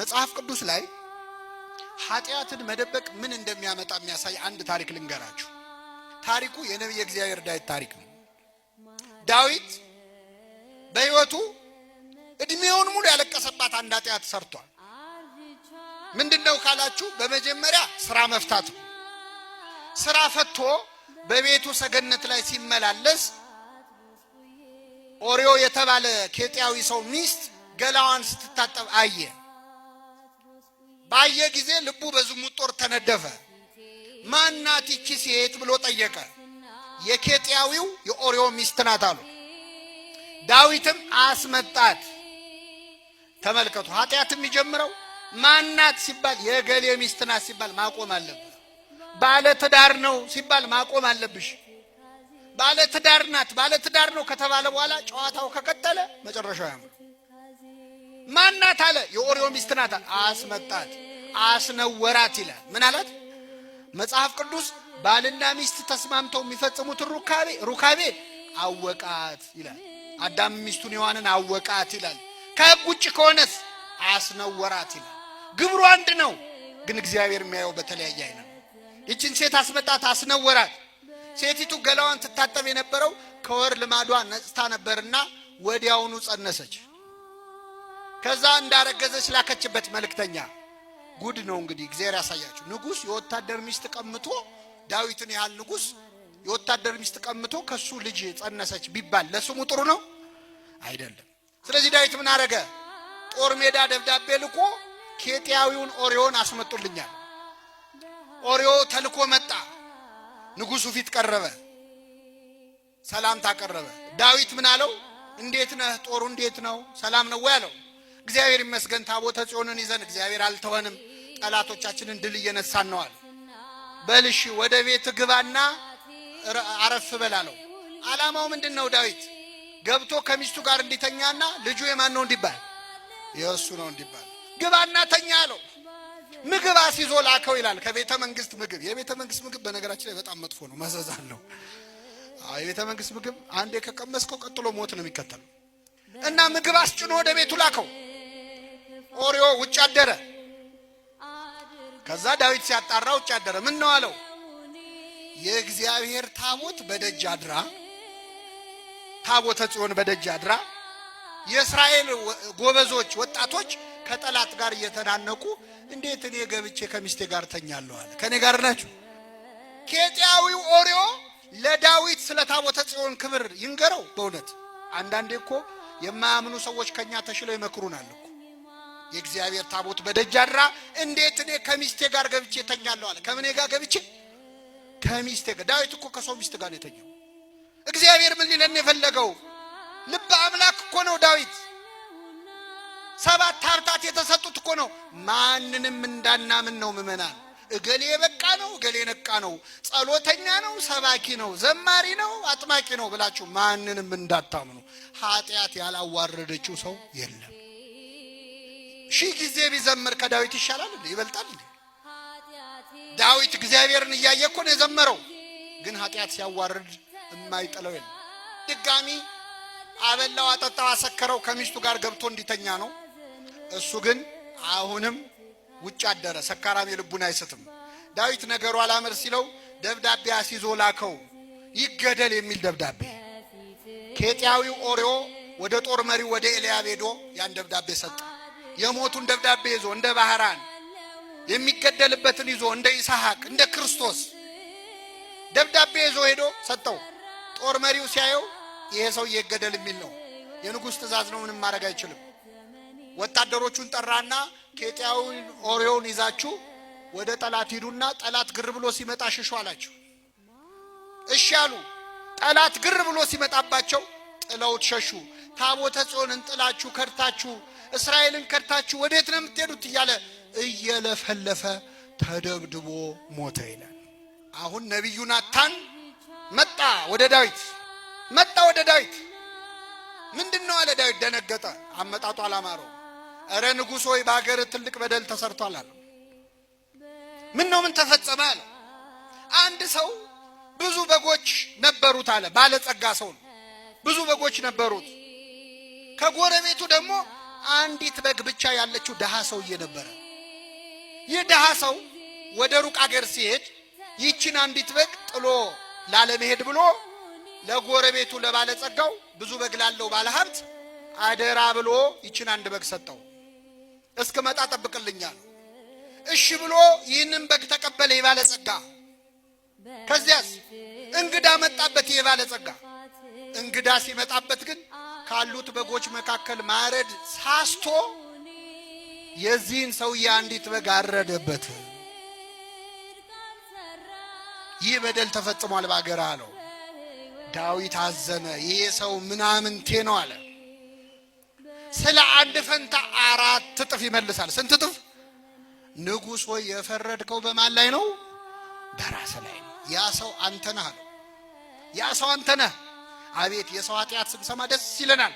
መጽሐፍ ቅዱስ ላይ ኃጢአትን መደበቅ ምን እንደሚያመጣ የሚያሳይ አንድ ታሪክ ልንገራችሁ። ታሪኩ የነቢየ እግዚአብሔር ዳዊት ታሪክ ነው። ዳዊት በሕይወቱ እድሜውን ሙሉ ያለቀሰባት አንድ ኃጢአት ሰርቷል። ምንድን ነው ካላችሁ፣ በመጀመሪያ ስራ መፍታት ነው። ስራ ፈቶ በቤቱ ሰገነት ላይ ሲመላለስ ኦሪዮ የተባለ ኬጥያዊ ሰው ሚስት ገላዋን ስትታጠብ አየ። ባየ ጊዜ ልቡ በዝሙት ጦር ተነደፈ። ማናት ይቺ ሴት ብሎ ጠየቀ። የኬጥያዊው የኦሪዮ ሚስት ናት አሉ። ዳዊትም አስመጣት። ተመልከቱ፣ ኃጢአት የሚጀምረው ማናት ሲባል የገሌ ሚስት ናት ሲባል ማቆም አለብህ። ባለ ትዳር ነው ሲባል ማቆም አለብሽ። ባለ ትዳር ናት፣ ባለ ትዳር ነው ከተባለ በኋላ ጨዋታው ከቀጠለ መጨረሻው ያምር ማናት አለ። የኦሪዮ ሚስት ናት። አስመጣት፣ አስነወራት ይላል። ምን አላት? መጽሐፍ ቅዱስ ባልና ሚስት ተስማምተው የሚፈጽሙትን ሩካቤ ሩካቤ አወቃት ይላል። አዳም ሚስቱን ሔዋንን አወቃት ይላል። ከሕግ ውጭ ከሆነስ አስነወራት ይላል። ግብሩ አንድ ነው፣ ግን እግዚአብሔር የሚያየው በተለያየ አይነ ይችን ሴት አስመጣት፣ አስነወራት። ሴቲቱ ገላዋን ትታጠብ የነበረው ከወር ልማዷ ነጽታ ነበርና ወዲያውኑ ጸነሰች። ከዛ እንዳረገዘች ላከችበት መልእክተኛ። ጉድ ነው እንግዲህ እግዚአብሔር ያሳያችሁ። ንጉሥ የወታደር ሚስት ቀምቶ ዳዊትን ያህል ንጉሥ የወታደር ሚስት ቀምቶ ከሱ ልጅ ጸነሰች ቢባል ለስሙ ጥሩ ነው አይደለም። ስለዚህ ዳዊት ምን አረገ? ጦር ሜዳ ደብዳቤ ልኮ ኬጥያዊውን ኦሪዮን አስመጡልኛል። ኦሪዮ ተልኮ መጣ። ንጉሡ ፊት ቀረበ፣ ሰላምታ ቀረበ። ዳዊት ምን አለው? እንዴት ነህ? ጦሩ እንዴት ነው? ሰላም ነው ወይ አለው። እግዚአብሔር ይመስገን ታቦተ ጽዮንን ይዘን እግዚአብሔር አልተወንም፣ ጠላቶቻችንን ድል እየነሳን ነዋል። በልሽ ወደ ቤት ግባና አረፍ በላለው። ዓላማው ምንድን ነው? ዳዊት ገብቶ ከሚስቱ ጋር እንዲተኛና ልጁ የማን ነው እንዲባል የእሱ ነው እንዲባል ግባና ተኛ አለው። ምግብ አስይዞ ላከው ይላል። ከቤተ መንግስት ምግብ የቤተ መንግስት ምግብ በነገራችን ላይ በጣም መጥፎ ነው፣ መዘዛን ነው። የቤተ መንግስት ምግብ አንዴ ከቀመስከው ቀጥሎ ሞት ነው የሚከተለው እና ምግብ አስጭኖ ወደ ቤቱ ላከው። ኦሪዮ ውጭ አደረ። ከዛ ዳዊት ሲያጣራ ውጭ አደረ። ምን ነው አለው፣ የእግዚአብሔር ታቦት በደጅ አድራ፣ ታቦተ ጽዮን በደጅ አድራ። የእስራኤል ጎበዞች ወጣቶች ከጠላት ጋር እየተናነቁ እንዴት እኔ ገብቼ ከሚስቴ ጋር ተኛለሁ አለ። ከእኔ ጋር ናችሁ። ኬጢያዊው ኦሪዮ ለዳዊት ስለ ታቦተ ጽዮን ክብር ይንገረው። በእውነት አንዳንዴ እኮ የማያምኑ ሰዎች ከኛ ተሽለው ይመክሩናል። የእግዚአብሔር ታቦት በደጅ አድራ፣ እንዴት እኔ ከሚስቴ ጋር ገብቼ ተኛለሁ አለ። ከምኔ ጋር ገብቼ? ከሚስቴ ጋር። ዳዊት እኮ ከሰው ሚስት ጋር ነው የተኛው። እግዚአብሔር ምን ሊለን የፈለገው? ልበ አምላክ እኮ ነው ዳዊት። ሰባት ሀብታት የተሰጡት እኮ ነው። ማንንም እንዳናምን ነው ምመናል እገሌ በቃ ነው፣ እገሌ ነቃ ነው፣ ጸሎተኛ ነው፣ ሰባኪ ነው፣ ዘማሪ ነው፣ አጥማቂ ነው ብላችሁ ማንንም እንዳታምኑ። ኃጢአት ያላዋረደችው ሰው የለም። ሺህ ጊዜ ቢዘምር ከዳዊት ይሻላል እንዴ? ይበልጣል እንዴ? ዳዊት እግዚአብሔርን እያየ እኮ ነው የዘመረው። ግን ኃጢአት ሲያዋርድ የማይጥለው የለም። ድጋሚ አበላው፣ አጠጣው፣ አሰከረው ከሚስቱ ጋር ገብቶ እንዲተኛ ነው። እሱ ግን አሁንም ውጭ አደረ። ሰካራም የልቡን አይስትም። ዳዊት ነገሩ አላምር ሲለው ደብዳቤ አስይዞ ላከው፣ ይገደል የሚል ደብዳቤ። ኬጢያዊው ኦርዮ ወደ ጦር መሪው ወደ ኤልያብ ሄዶ ያን ደብዳቤ ሰጠ። የሞቱን ደብዳቤ ይዞ እንደ ባህራን የሚገደልበትን ይዞ እንደ ይስሐቅ እንደ ክርስቶስ ደብዳቤ ይዞ ሄዶ ሰጠው። ጦር መሪው ሲያየው ይሄ ሰው ይገደል የሚል ነው። የንጉሥ ትእዛዝ ነው፣ ምንም ማድረግ አይችልም። ወታደሮቹን ጠራና ኬጢያውን ኦሪዮን ይዛችሁ ወደ ጠላት ሂዱና ጠላት ግር ብሎ ሲመጣ ሽሹ አላቸው። እሺ አሉ። ጠላት ግር ብሎ ሲመጣባቸው ጥለውት ሸሹ። ታቦተ ጽዮንን ጥላችሁ ከድታችሁ እስራኤልን ከድታችሁ ወዴት ነው የምትሄዱት? እያለ እየለፈለፈ ተደብድቦ ሞተ ይላል። አሁን ነቢዩ ናታን መጣ ወደ ዳዊት መጣ ወደ ዳዊት ምንድን ነው አለ። ዳዊት ደነገጠ። አመጣጡ አላማረው። እረ ንጉሥ ሆይ በአገር ትልቅ በደል ተሰርቷል አለ። ምን ነው ምን ተፈጸመ አለ። አንድ ሰው ብዙ በጎች ነበሩት አለ። ባለጸጋ ሰው ነው። ብዙ በጎች ነበሩት። ከጎረቤቱ ደግሞ አንዲት በግ ብቻ ያለችው ደሃ ሰውዬ ነበረ። ይህ ደሃ ሰው ወደ ሩቅ አገር ሲሄድ ይችን አንዲት በግ ጥሎ ላለመሄድ ብሎ ለጎረቤቱ ለባለጸጋው፣ ብዙ በግ ላለው ባለሀብት አደራ ብሎ ይችን አንድ በግ ሰጠው። መጣ ጠብቅልኛል። እሺ ብሎ ይህንን በግ ተቀበለ የባለጸጋ። ከዚያስ እንግዳ መጣበት የባለጸጋ። እንግዳ ሲመጣበት ግን ካሉት በጎች መካከል ማረድ ሳስቶ የዚህን ሰውዬ አንዲት በግ አረደበት። ይህ በደል ተፈጽሟል በአገር አለው። ዳዊት አዘነ። ይሄ ሰው ምናምንቴ ነው አለ። ስለ አንድ ፈንታ አራት እጥፍ ይመልሳል። ስንት እጥፍ? ንጉሥ ሆይ የፈረድከው በማን ላይ ነው? በራስ ላይ ነው። ያ ሰው አንተ ነህ አለው። ያ ሰው አንተ ነህ አቤት የሰው ኃጢአት ስንሰማ ደስ ይለናል።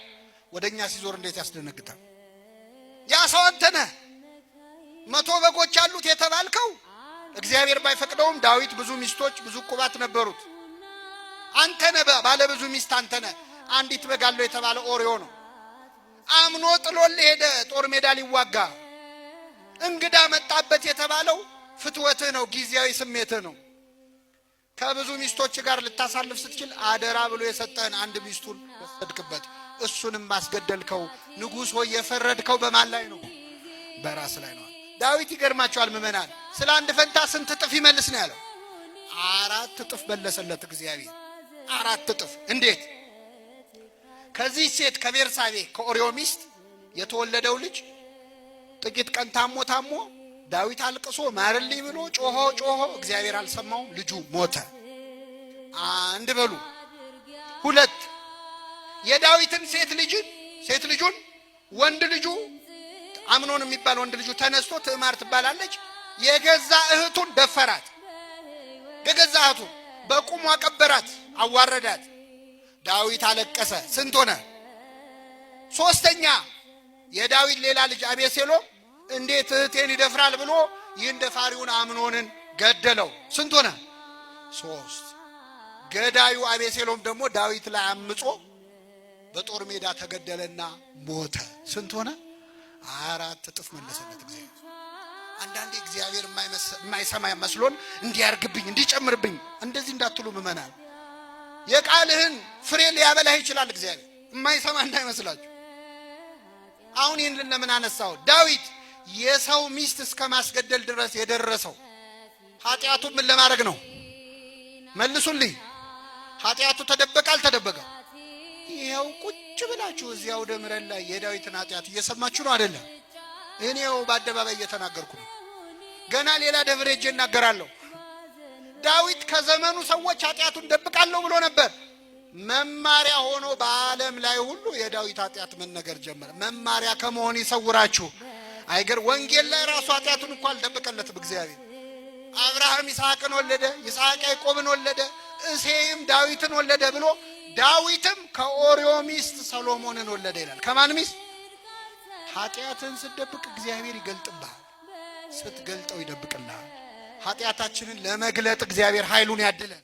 ወደ እኛ ሲዞር እንዴት ያስደነግጣል። ያ ሰው አንተ ነህ። መቶ በጎች አሉት የተባልከው እግዚአብሔር ባይፈቅደውም ዳዊት ብዙ ሚስቶች፣ ብዙ ቁባት ነበሩት። አንተ ነህ ባለ ብዙ ሚስት አንተ ነህ። አንዲት በግ አለው የተባለ ኦሪዮ ነው። አምኖ ጥሎል ሄደ ጦር ሜዳ ሊዋጋ እንግዳ መጣበት የተባለው ፍትወትህ ነው፣ ጊዜያዊ ስሜትህ ነው። ከብዙ ሚስቶች ጋር ልታሳልፍ ስትችል አደራ ብሎ የሰጠህን አንድ ሚስቱን ወሰድክበት፣ እሱንም ማስገደልከው። ንጉሥ ሆይ የፈረድከው በማን ላይ ነው? በራስ ላይ ነው። ዳዊት ይገርማቸዋል ምመናል ስለ አንድ ፈንታ ስንት እጥፍ ይመልስ ነው ያለው? አራት እጥፍ መለሰለት እግዚአብሔር፣ አራት እጥፍ። እንዴት? ከዚህ ሴት ከቤርሳቤ ከኦሪዮ ሚስት የተወለደው ልጅ ጥቂት ቀን ታሞ ታሞ ዳዊት አልቅሶ ማርልኝ ብሎ ጮሆ ጮሆ እግዚአብሔር አልሰማውም። ልጁ ሞተ። አንድ በሉ ሁለት የዳዊትን ሴት ልጅ ሴት ልጁን ወንድ ልጁ አምኖን የሚባል ወንድ ልጁ ተነስቶ ትዕማር ትባላለች የገዛ እህቱን ደፈራት። የገዛ እህቱ በቁሟ ቀበራት፣ አዋረዳት። ዳዊት አለቀሰ። ስንት ሆነ? ሶስተኛ የዳዊት ሌላ ልጅ አቤሴሎም እንዴት እህቴን ይደፍራል ብሎ ይህን ደፋሪውን አምኖንን ገደለው። ስንት ሆነ? ሶስት። ገዳዩ አቤሴሎም ደግሞ ዳዊት ላይ አምጾ በጦር ሜዳ ተገደለና ሞተ። ስንት ሆነ? አራት እጥፍ መለሰለት እግዚአብሔር። አንዳንዴ እግዚአብሔር የማይሰማ መስሎን እንዲያርግብኝ እንዲጨምርብኝ እንደዚህ እንዳትሉ ምመናል። የቃልህን ፍሬ ሊያበላህ ይችላል እግዚአብሔር። የማይሰማ እንዳይመስላችሁ። አሁን ይህንን ለምን አነሳው ዳዊት የሰው ሚስት እስከ ማስገደል ድረስ የደረሰው ኃጢአቱ ምን ለማድረግ ነው? መልሱልኝ። ኃጢአቱ ተደበቀ አልተደበቀ? ይኸው ቁጭ ብላችሁ እዚያው አውደ ላይ የዳዊትን ኃጢአት እየሰማችሁ ነው አደለም? እኔው በአደባባይ እየተናገርኩ ነው። ገና ሌላ ደብሬ እጄ እናገራለሁ። ዳዊት ከዘመኑ ሰዎች ኃጢአቱን ደብቃለሁ ብሎ ነበር። መማሪያ ሆኖ በዓለም ላይ ሁሉ የዳዊት ኃጢአት መነገር ጀመረ። መማሪያ ከመሆን ይሰውራችሁ። አይገር ወንጌል ላይ ራሱ ኃጢአቱን እንኳ አልደበቀለትም እግዚአብሔር። አብርሃም ይስሐቅን ወለደ፣ ይስሐቅ ያዕቆብን ወለደ፣ እሴይም ዳዊትን ወለደ ብሎ ዳዊትም ከኦሪዮ ሚስት ሰሎሞንን ወለደ ይላል። ከማን ሚስት? ኃጢአትን ስትደብቅ እግዚአብሔር ይገልጥብሃል፣ ስትገልጠው ይደብቅልሃል። ኃጢአታችንን ለመግለጥ እግዚአብሔር ኃይሉን ያድለን።